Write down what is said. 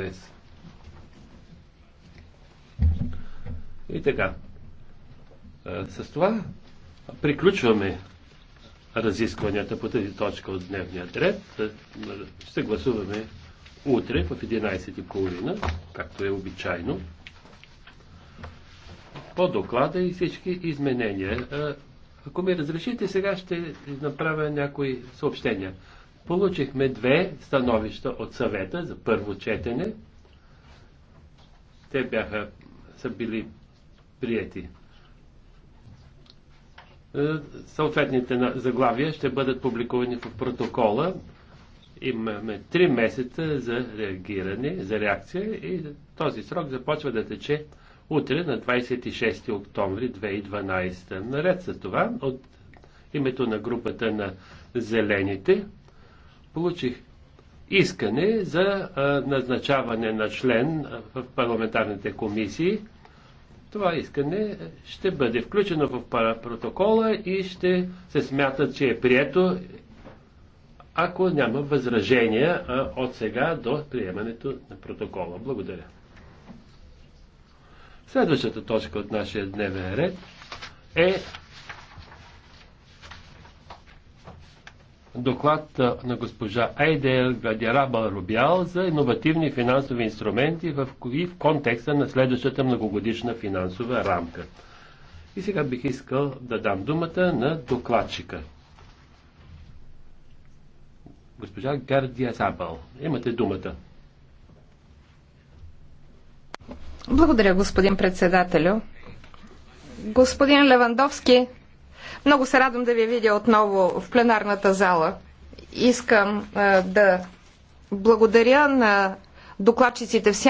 днес. И така. С това приключваме разискванията по тази точка от дневния ред. Ще гласуваме утре в 11.30, както е обичайно, по доклада и всички изменения. Ако ми разрешите, сега ще направя някои съобщения. Получихме две становища от съвета за първо четене. Те бяха, са били прияти. Е, съответните заглавия ще бъдат публикувани в протокола. Имаме три месеца за реагиране, за реакция и този срок започва да тече утре на 26 октомври 2012. Наред с това, от името на групата на зелените, получих искане за назначаване на член в парламентарните комисии. Това искане ще бъде включено в протокола и ще се смята, че е прието, ако няма възражения от сега до приемането на протокола. Благодаря. Следващата точка от нашия дневен ред е доклад на госпожа Айдел Гадяраба Рубял за иновативни финансови инструменти в, и в контекста на следващата многогодишна финансова рамка. И сега бих искал да дам думата на докладчика. Госпожа Гардия Забал, имате думата. Благодаря, господин председателю. Господин Левандовски, много се радвам да ви видя отново в пленарната зала. Искам е, да благодаря на докладчиците